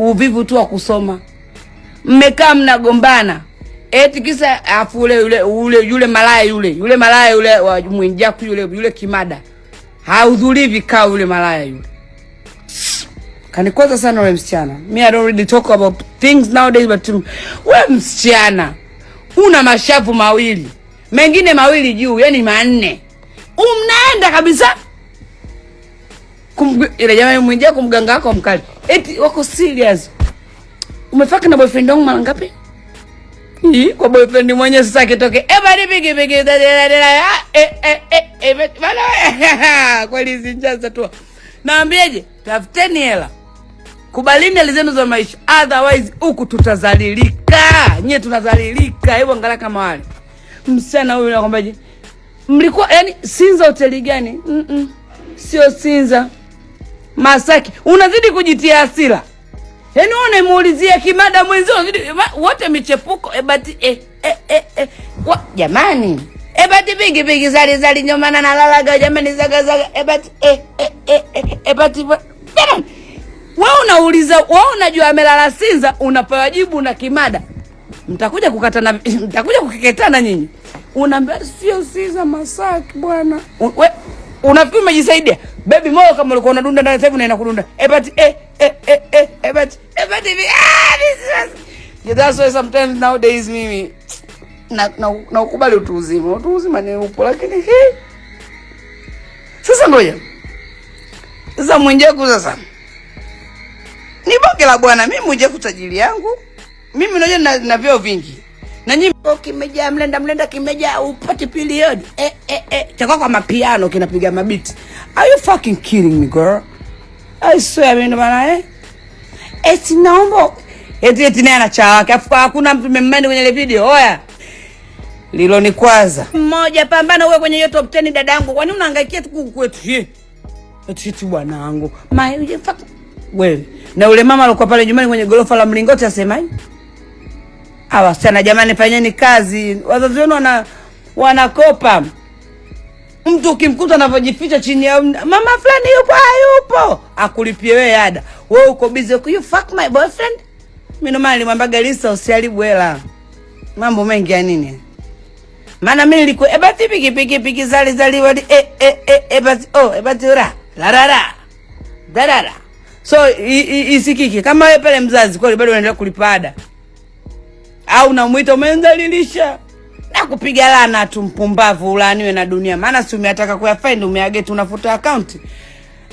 uvivu tu wa kusoma. Mmekaa mnagombana eti kisa afu ule yule ule yule malaya yule yule malaya yule wa Mwijaku yule yule Kimada haudhuri vikao, yule malaya yule kanikwaza sana ule msichana. Me I don't really talk about things nowadays but um, ule msichana una mashavu mawili mengine mawili juu, yani manne, umnaenda kabisa ile jamaa Mwijaku, kumganga wako mkali Eti wako serious. Umefaka na boyfriend wangu mara ngapi? Hii kwa boyfriend mwenye sasa kitoke. Eh, bali bigi bigi da da da. Ah, eh, eh eh eh. Bana. Kweli zinjaza tu. Naambieje? Tafuteni hela. Kubalini hali zenu za maisha. Otherwise huku tutazalilika. Nye tunazalilika. Hebu angalia kama wale. Msichana huyu anakwambiaje? Mlikuwa yani Sinza hoteli gani? Mm, mm. Sio Sinza. Masaki unazidi kujitia hasira, yaani wewe unamuulizia kimada mwenzio unazidi wote michepuko ebati eh, e, eh, e, eh, e, e. Wa, jamani ebati bigi bigi zali zali nyomana na lalaga jamani zaga zaga ebati e, e, e, e, ebati wewe unauliza wewe unajua amelala Sinza, unapewa jibu na kimada, mtakuja kukatana, mtakuja kukeketana nyinyi. Unaambia sio Sinza Masaki bwana, Wewe unafikiri umejisaidia? Baby Mo kama ulikuwa unadunda ndani sasa unaenda kudunda. Eh but eh eh eh eh eh but eh but hivi ah eh, eh, this is yeah, that's why sometimes nowadays mimi na na, na ukubali utu uzima. Utu uzima ni upo lakini hey. Sasa ngoja. Sasa Mwijaku sasa. Ni bonge la bwana mimi Mwijaku tajiri yangu. Mimi unajua na, na vyeo vingi. Na nyinyi kimejaa mlenda mlenda kimejaa upati period. Eh eh eh. Chakwa kwa mapiano kinapiga mabiti. Are you fucking kidding me girl? I swear I mean, eh. Eti naomba eti eti naye anacha wake. Afu hakuna mtu mmemenda kwenye ile video. Oya. Lilo ni kwaza. Mmoja pambana uwe kwenye hiyo top 10 Kwa Kwani unahangaikia tu kwetu hii? Eh? Eti tu bwanangu. My fuck wewe. Na ule mama alikuwa pale nyumbani kwenye gorofa la mlingoti asemaje? Hawa sana jamani, fanyeni kazi. Wazazi wenu wana wanakopa. Mtu ukimkuta anavyojificha chini ya mama fulani, yupo hayupo, ah, akulipie wewe ada, wewe uko busy, you fuck my boyfriend. Mimi ndio maana nilimwambaga Lisa, usiharibu hela, mambo mengi ya nini? Maana mimi nilikuwa eba eh, piki piki piki zali zali wadi e eh, e eh, e eba oh eba ora la la la darara. So isikiki kama wewe pale mzazi, kwani bado unaendelea kulipa ada au unamuita umenzalilisha? na kupiga lana tu, mpumbavu ulaaniwe na dunia. Maana si umeataka kuyafaindi, umeageti, unafuta akaunti.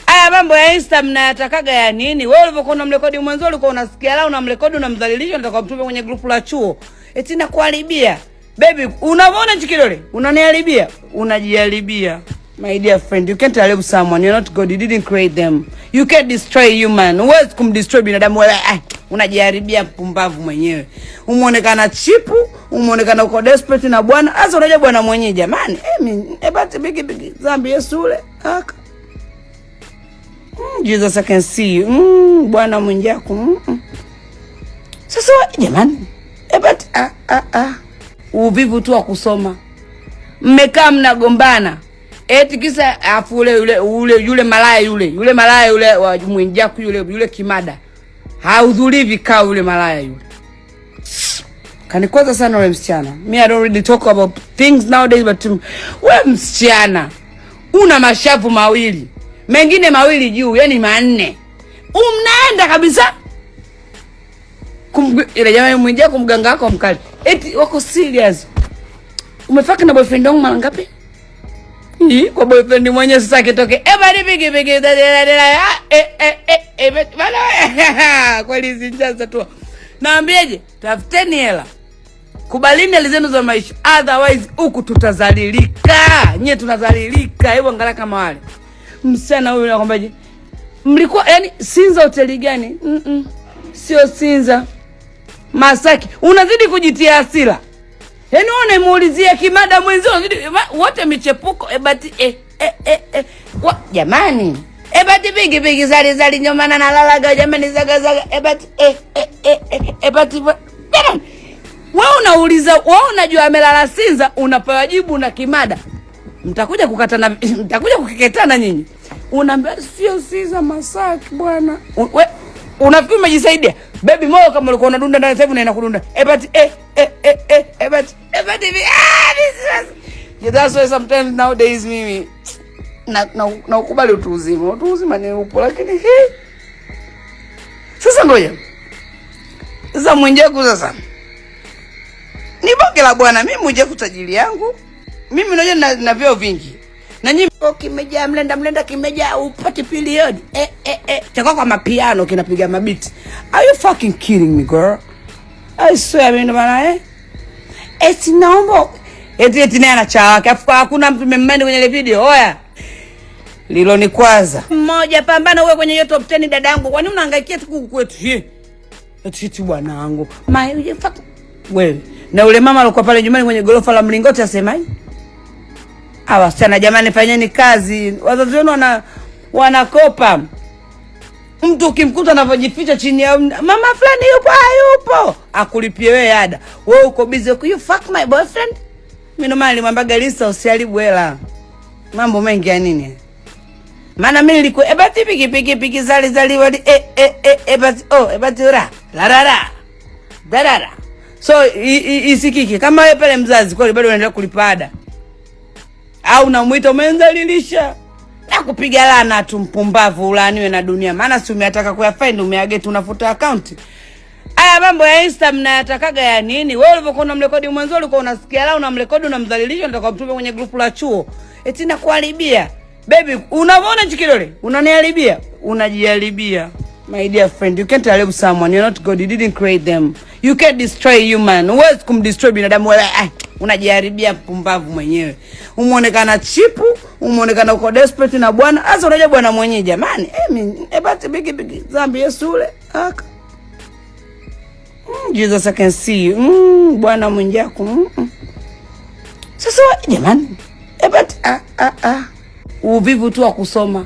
Haya mambo ya Insta mnayatakaga ya nini? Wewe ulivyokuwa unamrekodi mwanzo ulikuwa unasikia la unamrekodi unamdhalilisha, nataka mtume kwenye grupu la chuo. Eti nakuharibia. Baby, unaona hicho kidole? Unaniharibia? Unajiharibia. My dear friend, you can't help someone. You're not God. You didn't create them. You can't destroy human. Huwezi kumdestroy binadamu wewe. Eh unajaribia mpumbavu mwenyewe. Umeonekana chipu, umeonekana uko desperate na bwana. Sasa unajua bwana mwenyewe jamani. Eh, ebati eh, bigi bigi zambi Yesu ule. Aka. Mm, Jesus I can see you. Mm, bwana mwenjako. Mm. mm. Sasa jamani. ebati eh, a ah ah ah. Uvivu tu wa kusoma. Mmekaa mnagombana. Eti kisa afu ule yule yule malaya yule, yule malaya yule wa mwenjako yule yule kimada. Haudhuri vikao yule malaya yule. Kanikwaza sana yule msichana. Me I don't really talk about things nowadays but wewe msichana una mashavu mawili. Mengine mawili juu, yani manne. Umnaenda kabisa. Kum ile jamaa mwingia kumganga wako mkali. Eti wako serious. Umefaka na boyfriend wangu mara ngapi? kwa boyfriend mwenye sasa kitoke. Eh, bali pigi pigi dada dada. Eh eh eh eh bana. Kweli zinjaza tu. Naambieje? Tafuteni hela. Kubalini hali zenu za maisha. Otherwise huku tutazalilika. Nye tunazalilika. Hebu angalia kama wale. Msichana huyu anakwambiaje? Mlikuwa yani Sinza hoteli gani? Mm -mm. Sio Sinza. Masaki. Unazidi kujitia hasira. Yaani wewe unamuulizia kimada mwenzio wote michepuko e bati e eh, e eh, e, e. kwa jamani. E bati bigi bigi zali zali nyomana na lalaga jamani zaga zaga e bati e e e e, e bati jamani. Wewe unauliza wewe unajua amelala Sinza unapewa jibu na kimada. Mtakuja kukatana mtakuja kukeketana nyinyi. Unaambia sio Sinza Masaki bwana. Wewe unafikiri umejisaidia? Baby Mo kama ulikuwa unadunda ndani sasa hivi unaenda kudunda. Eh but eh eh eh eh eh but eh but hivi ah this is yeah, that's why sometimes nowadays mimi na na, na ukubali utu uzima. Utu uzima ni upo lakini hey. Sasa ngoja. Sasa Mwijaku sasa. Ni bonge la bwana mimi Mwijaku tajiri yangu. Mimi naje na, na vyo vingi na nyimbo kimejaa mlenda mlenda, kimejaa upati period eh, eh, eh. Chakwa kwa mapiano kinapiga mabiti. Are you fucking kidding me girl? I swear mimi bana eh. Eti eh, naomba eti eti naye anacha wake. Afu hakuna mtu mmemende kwenye ile video. Oya. Lilo ni kwanza. Mmoja pambana uwe kwenye hiyo top 10 dadangu. Kwa nini unahangaikia tu kwetu? Ye. Eti eti bwanangu. My fuck. Wewe. Na ule mama alikuwa pale nyumbani kwenye gorofa la mlingoti asemaje? Awasichana jamani, fanyeni kazi, wazazi wenu wana wanakopa. Mtu ukimkuta anavyojificha chini ya mama fulani, ah, yupo hayupo, akulipie wewe ada, wewe uko busy, you fuck my boyfriend. Mimi ndio maana nilimwambaga Lisa, usiharibu hela, mambo mengi ya nini? Maana mimi nilikuwa e eh, basi piki piki piki zali zali wali e e e e basi oh e basi ora la la la darara. So isikiki kama wewe pale mzazi kweli bado unaendelea kulipa ada au namwita umenzalilisha na kupiga lana tu, mpumbavu ulaaniwe na dunia. Maana si umeataka kuyafaindi, umeageti, unafuta akaunti. Haya mambo ya Insta mnayatakaga ya nini? Wewe ulivyokuwa unamrekodi mwanzo ulikuwa unasikia la unamrekodi unamdhalilisha, nataka mtume kwenye grupu la chuo. Eti nakuharibia. Baby, unaona hicho kidole? Unaniharibia? Unajiharibia. My dear friend, you can't help someone. You're not God. You didn't create them. You can't destroy human. Huwezi kumdestroy binadamu wewe. Ah, unajiharibia pumbavu mwenyewe. Umeonekana chipu, umeonekana uko desperate na Bwana. Sasa unajua Bwana mwenyewe jamani. Eh, mi eh, ebati bigi bigi zambi Yesu ule. Aka. Mm, Jesus I can see you. Mm, Bwana mwenjako. Mm. mm. Sasa jamani. Eh, Ebati ah ah ah. Uvivu tu wa kusoma.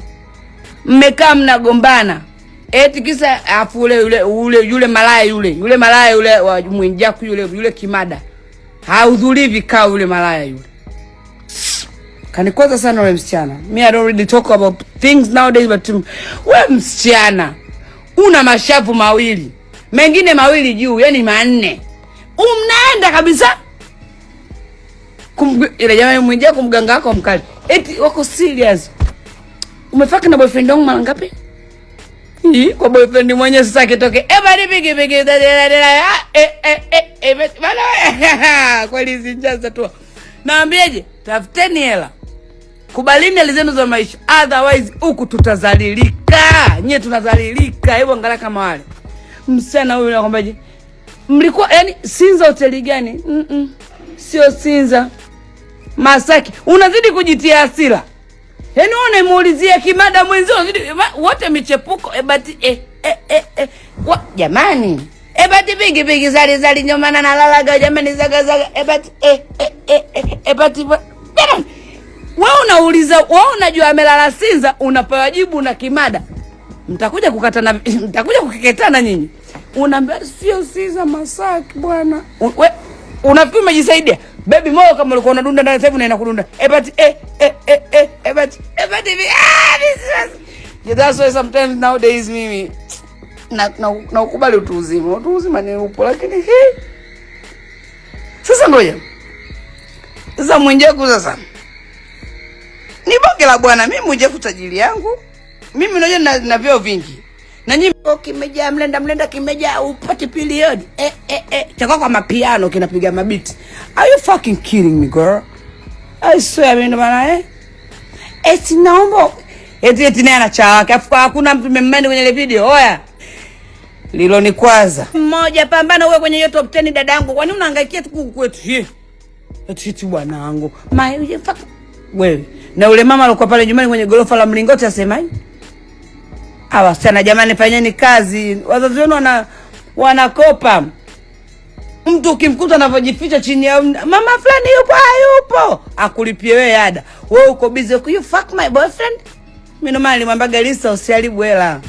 Mmekaa mnagombana eti kisa afu ule yule ule yule malaya yule yule malaya yule wa Mwijaku yule yule Kimada hahudhurii vikao yule malaya yule. Kanikwaza sana ule msichana. Me I don't really talk about things nowadays but wewe msichana una mashavu mawili. Mengine mawili juu, yani manne. Umnaenda kabisa. Kum, ile jamaa Mwijaku kumganga wako mkali. Eti wako serious. Umefaka na boyfriend wangu mara ngapi? Hii kwa boyfriend mwenyewe sasa kitoke. pigi pigi Kweli zinjaza tu. Naambieje? Tafuteni hela. Kubalini hali zenu za maisha. Otherwise huku tutazalilika. Nye tunazalilika. Hebu angalia kama wale. Msichana huyu Mlikuwa yani Sinza hoteli gani? Mm, mm. Sio Sinza. Masaki. Unazidi kujitia hasira. Yaani wewe unamuulizia kimada mwenzio wote michepuko e bati e e e, e. Wa, jamani. E bati bigi bigi zali zali nyoma na nalalaga jamani zaga zaga e bati e e e e, e bati jamani. Wewe unauliza wewe unajua amelala Sinza unapewa jibu na kimada. Mtakuja kukatana mtakuja kukeketana nyinyi. Unaambia sio Sinza Masaki bwana. Wewe unafikiri umejisaidia? Baby Mo kama ulikuwa unadunda ndani sasa hivi unaenda kudunda. Eh but eh eh eh eh eh but eh but hivi ah this is yeah, that's why sometimes nowadays mimi na na, na ukubali utu uzima. Utu uzima ni upo lakini he Sasa ngoja. Sasa Mwijaku sasa. Ni bonge la bwana mimi Mwijaku tajiri yangu. Mimi unajua na, na vyo vingi na nyimbo oh, kimejaa mlenda mlenda, kimejaa upati period eh, eh, eh. Chako kwa mapiano kinapiga mabiti. Are you fucking kidding me girl? I swear mimi bana eh. Eti naomba eti eti naye anachawaka. Afu hakuna mtu mmemani kwenye ile video. Oya. Lilo ni kwanza. Mmoja pambana uwe kwenye hiyo top 10 dadangu. Kwa nini unahangaikia tu kwetu hii? Eti eti bwanangu. My fuck wewe. Na ule mama alikuwa pale nyumbani kwenye gorofa la mlingoti asemaje? Awasichana jamani, fanyeni kazi, wazazi wenu wana- wanakopa. Mtu ukimkuta anavyojificha chini ya mama fulani, yupo hayupo, ah, akulipie wewe ada, wewe uko busy, you fuck my boyfriend. Mimi ndio maana Lisa, usiharibu hela,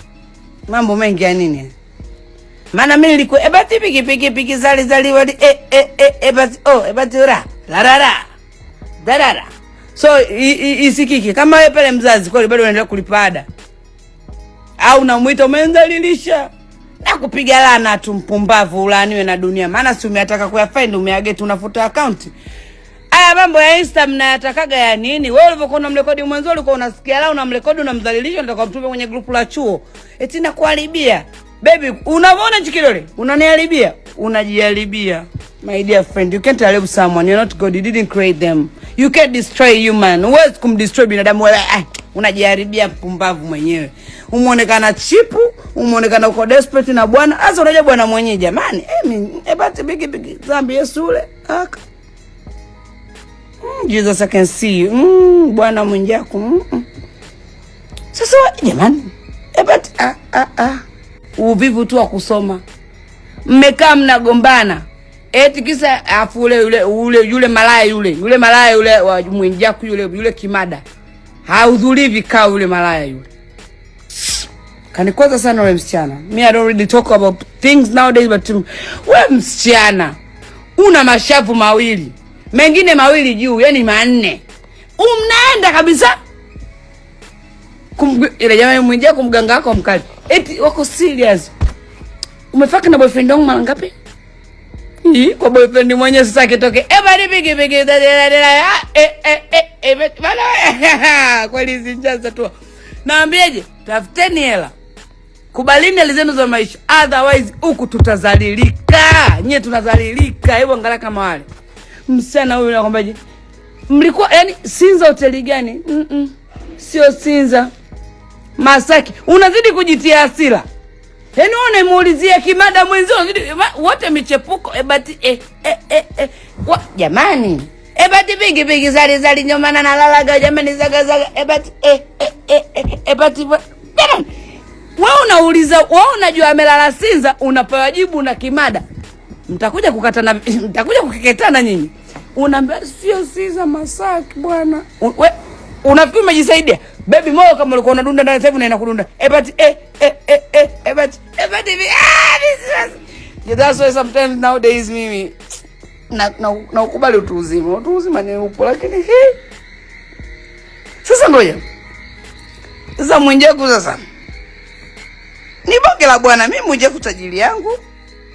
mambo mengi ya nini? Maana mimi nilikuwa e eh, piki piki piki zali zali wali e eh, e eh, e e oh e ora la la la darara. So isikiki kama wewe pale mzazi kweli bado unaendelea kulipa ada au namwita umenidhalilisha na kupiga lana tu, mpumbavu ulaaniwe na dunia. Maana si umeataka kuyafind, umeageti, unafuta akaunti. Haya mambo ya Insta mnayatakaga ya nini? Wewe ulivyokuwa mrekodi mwanzo ulikuwa unasikia la unamrekodi unamdhalilisha, nataka mtume kwenye grupu la chuo. Eti nakuharibia. Baby, unaona nchi kidole? Unaniharibia? Unajiharibia. My dear friend, you can't harib someone. You're not God. You didn't create them. You can't destroy human. Huwezi kumdestroy binadamu wewe unajaribia mpumbavu mwenyewe. Umeonekana chipu, umeonekana uko desperate na bwana. hasa. unajua bwana mwenyewe jamani. Eh, ebati eh, bigi bigi zambi Yesu ule. Aka. Mm, Jesus I can see you. Mm, bwana mwenjako. Mm. mm. Sasa jamani. Ebati eh, ah ah ah. Uvivu tu wa kusoma. Mmekaa mnagombana. Eti kisa afu ule yule yule malaya yule, yule malaya yule wa mwenjako yule yule kimada. Haudhuri vikao yule malaya yule. Kanikwaza sana yule msichana. Me I don't really talk about things nowadays but wewe msichana una mashavu mawili. Mengine mawili juu, yani manne. unaenda kabisa. Kum ile jamaa mmoja kumganga wako mkali. Eti wako serious. Umefaka na boyfriend wangu mara ngapi? Hii hmm? kwa boyfriend sasa kitoke. Kweli zinjaza tu. Naambieje? Tafuteni hela. Kubalini hali zenu za maisha. Otherwise huku tutazalilika. Nyie tunazalilika. Hebu angalia kama wale. Msichana huyu Mlikuwa yani Sinza hoteli gani? Mm, -mm. Sio Sinza. Masaki. Unazidi kujitia hasira. Yaani wewe unamuulizia kimada mwenzio wote michepuko e bati e e e, e. Wa, jamani. E bati bigi bigi zali zali nyomana na lalaga jamani zaga zaga e bati e e e e, e bati jamani. Wewe unauliza wewe unajua amelala Sinza unapewa jibu na kimada. Mtakuja kukatana mtakuja kukeketana nyinyi. Unaambia sio Sinza Masaki bwana. Wewe unafikiri umejisaidia? Baby Mo kama ulikuwa unadunda ndani sasa hivi unaenda kudunda. Eh but eh eh eh eh eh but eh but hivi ah this is that's why sometimes nowadays mimi na na, na ukubali utu uzima. Utu uzima ni upo lakini he Sasa ngoja. Sasa Mwijaku sasa. Ni bonge la bwana mimi Mwijaku tajiri yangu.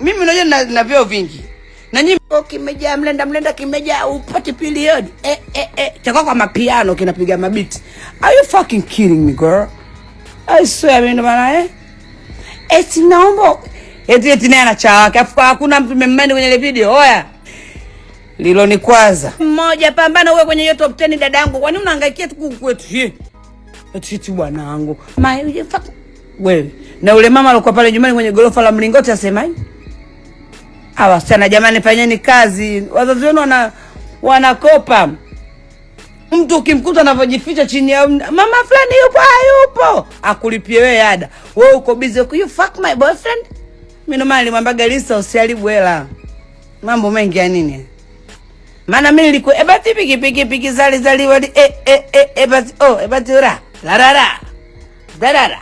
Mimi unajua na, na vyo vingi na nyimbo oh, kimejaa mlenda mlenda, kimejaa upati period eh, eh, eh. Chakwa kwa mapiano kinapiga mabiti. Are you fucking kidding me girl? I swear mimi ndo maana eh, eti naomba eti eti naye anacha wake, afu hakuna mtu mmemani kwenye ile video. Oya lilo ni kwanza mmoja, pambana uwe kwenye hiyo top 10 dadangu, kwani unahangaikia tuku kwetu hii eti tu bwanangu my fuck wewe na ule mama alikuwa pale nyumbani kwenye gorofa la mlingoti asemaje? Awasichana jamani, fanyeni kazi, wazazi wenu wana wanakopa. Mtu ukimkuta anavyojificha chini ya mama fulani, yupo hayupo, ah, akulipie wewe ada, wewe uko busy, you fuck my boyfriend. Mimi noma nilimwambaga Lisa, usiharibu hela, mambo mengi ya nini? Maana mimi nilikuwa e eh, basi piki piki piki zali zali wali e eh, e eh, e e basi oh e basi ora la la la da da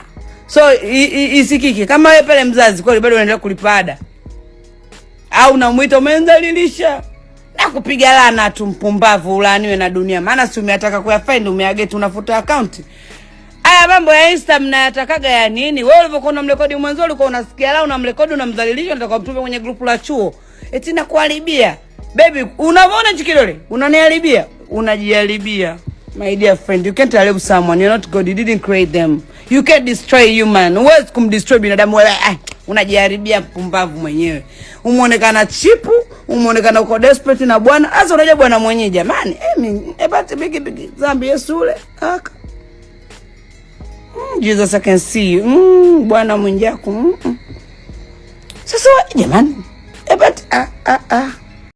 so isikiki kama wewe pale mzazi, kwani bado unaendelea kulipa ada au namwita umenzalilisha na kupiga lana tu, mpumbavu ulaaniwe na dunia. Maana si umeataka kuyafaindi, umeageti, unafuta akaunti. Haya mambo ya Insta mnayatakaga ya nini? Wewe ulivyokuwa unamrekodi mwanzo, ulikuwa unasikia la unamrekodi, unamdhalilisha, unataka mtume kwenye grupu la chuo, eti nakuharibia baby. Unaona hicho kidole, unaniharibia, unajiharibia. My dear friend, you can't haribu someone, you're not God, you didn't create them, you can't destroy human. Huwezi kumdestroy binadamu wewe. Ah, unajiharibia mpumbavu mwenyewe. Umeonekana chipu, umeonekana uko desperate na bwana. Sasa unajua bwana mwenyewe jamani, eh mimi ebati eh, biki biki zambi Yesu ule aka mm, Jesus I can see you mm, bwana mwenjako mm, mm. Sasa jamani ebati eh, ah ah ah